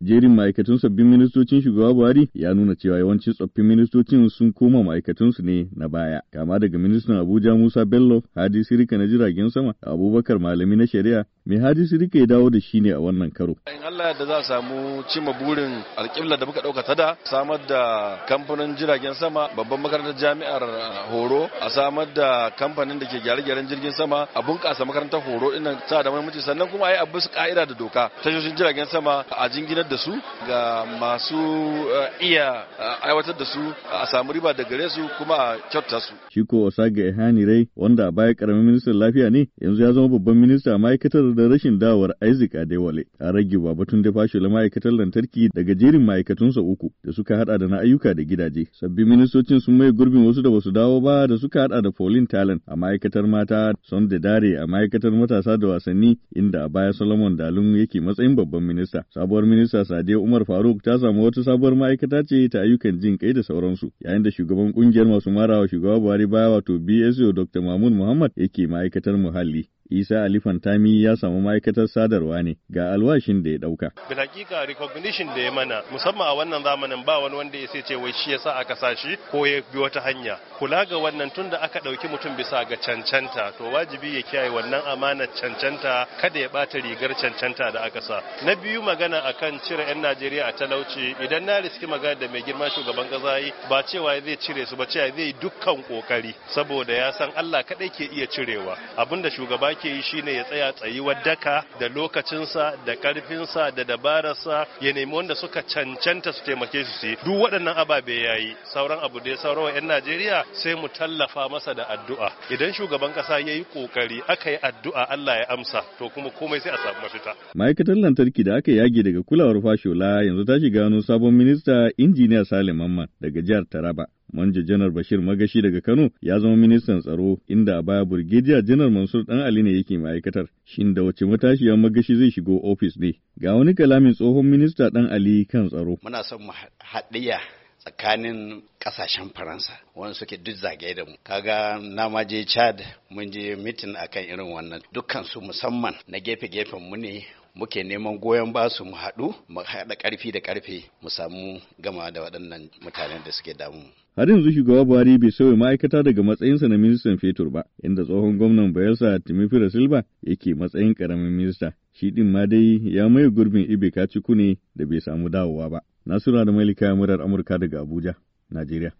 Jerin ma'aikatan sabbin ministocin shugaba Buhari ya nuna cewa yawancin tsoffin ministocin sun koma ma'aikatunsu ne na baya, kama daga ministan Abuja Musa Bello, Hadi Sirika na jiragen sama, Abubakar Malami na shari'a, Me hadisi rike dawo da shi ne a wannan karo? In Allah yadda za a samu cima burin alƙibla da muka ɗauka ta samar da kamfanin jiragen sama babban makarantar jami'ar uh, horo a samar da kamfanin da ke gyare-gyaren jirgin sama a bunƙasa makarantar horo ɗin ta da muhimmanci sannan kuma a yi abu su ƙa'ida da doka tashoshin jiragen sama a jinginar da su ga masu uh, iya uh, aiwatar da su a samu riba da gare su kuma a kyauta su. Shi ko Osage Ehani Rai wanda a baya karamin ministan lafiya ne yanzu ya zama babban minista ma'aikatar don rashin dawar Isaac Adewale a rage batun da fashula ma'aikatar lantarki daga jerin ma'aikatunsa uku da suka hada da na ayyuka da gidaje. Sabbin ministocin sun mai gurbin wasu da basu dawo ba da suka hada da Pauline Talent a ma'aikatar mata son da dare a ma'aikatar matasa da wasanni inda a baya Solomon Dalun yake matsayin babban minista. Sabuwar minista Sadiya Umar Faruk ta samu wata sabuwar ma'aikata ce ta ayyukan jin kai da sauransu yayin da shugaban kungiyar masu marawa shugaba Buhari baya wato BSO Dr. Mahmud Muhammad yake ma'aikatar muhalli. Isa Ali Fantami ya samu ma'aikatar sadarwa ne ga alwashin da ya ɗauka. Bil hakika recognition da ya mana musamman a wannan zamanin ba wani wanda ya sai ce wai shi yasa aka sa shi ko ya bi wata hanya. Kula ga wannan tunda aka ɗauki mutum bisa ga cancanta to wajibi ya kiyaye wannan amanar cancanta kada ya bata rigar cancanta da aka sa. Na biyu magana akan cire 'yan Najeriya a talauci idan na riski magana da mai girma shugaban ƙasa yi ba cewa zai cire su ba cewa zai dukkan kokari saboda ya san Allah kaɗai ke iya cirewa abinda shugaba ake yi shine ya tsaya tsayuwar daka da lokacinsa da karfinsa da dabararsa ya nemi wanda suka cancanta su taimake su su duk waɗannan ababe ya yi sauran abu da ya wa 'yan najeriya sai mu tallafa masa da addu'a idan shugaban ƙasa ya yi ƙoƙari aka yi addu'a allah ya amsa to kuma komai sai a samu mafita ma'aikatar lantarki da aka yage daga kulawar fashola yanzu ta shiga wani sabon minista injiniya salim mamman daga jihar taraba Manja Janar Bashir Magashi daga Kano ya zama ministan tsaro inda a baya Burgejiya Janar Mansur Dan Ali ne yake ma'aikatar. Shin da wace matashiya Magashi zai shigo ofis ne? Ga wani kalamin tsohon minista Dan Ali kan tsaro. Muna son mu haɗiya tsakanin ƙasashen faransa wani suke duk zagaye da mu kaga na ma je chad mun je mitin akan irin wannan dukkan su musamman na gefe gefen mu ne muke neman goyon basu mu haɗu mu haɗa ƙarfi da ƙarfe mu samu gama da waɗannan mutanen da suke damu. Har yanzu shugaba Buhari bai sauya ma'aikata daga matsayinsa na ministan fetur ba, inda tsohon gwamnan Bayelsa Timifira Silva yake matsayin ƙaramin minista. Shi ɗin ma dai ya maye gurbin Ibe Kaciku ne da bai samu dawowa ba. Nasura da Malika Murar Amurka daga Abuja, Najeriya.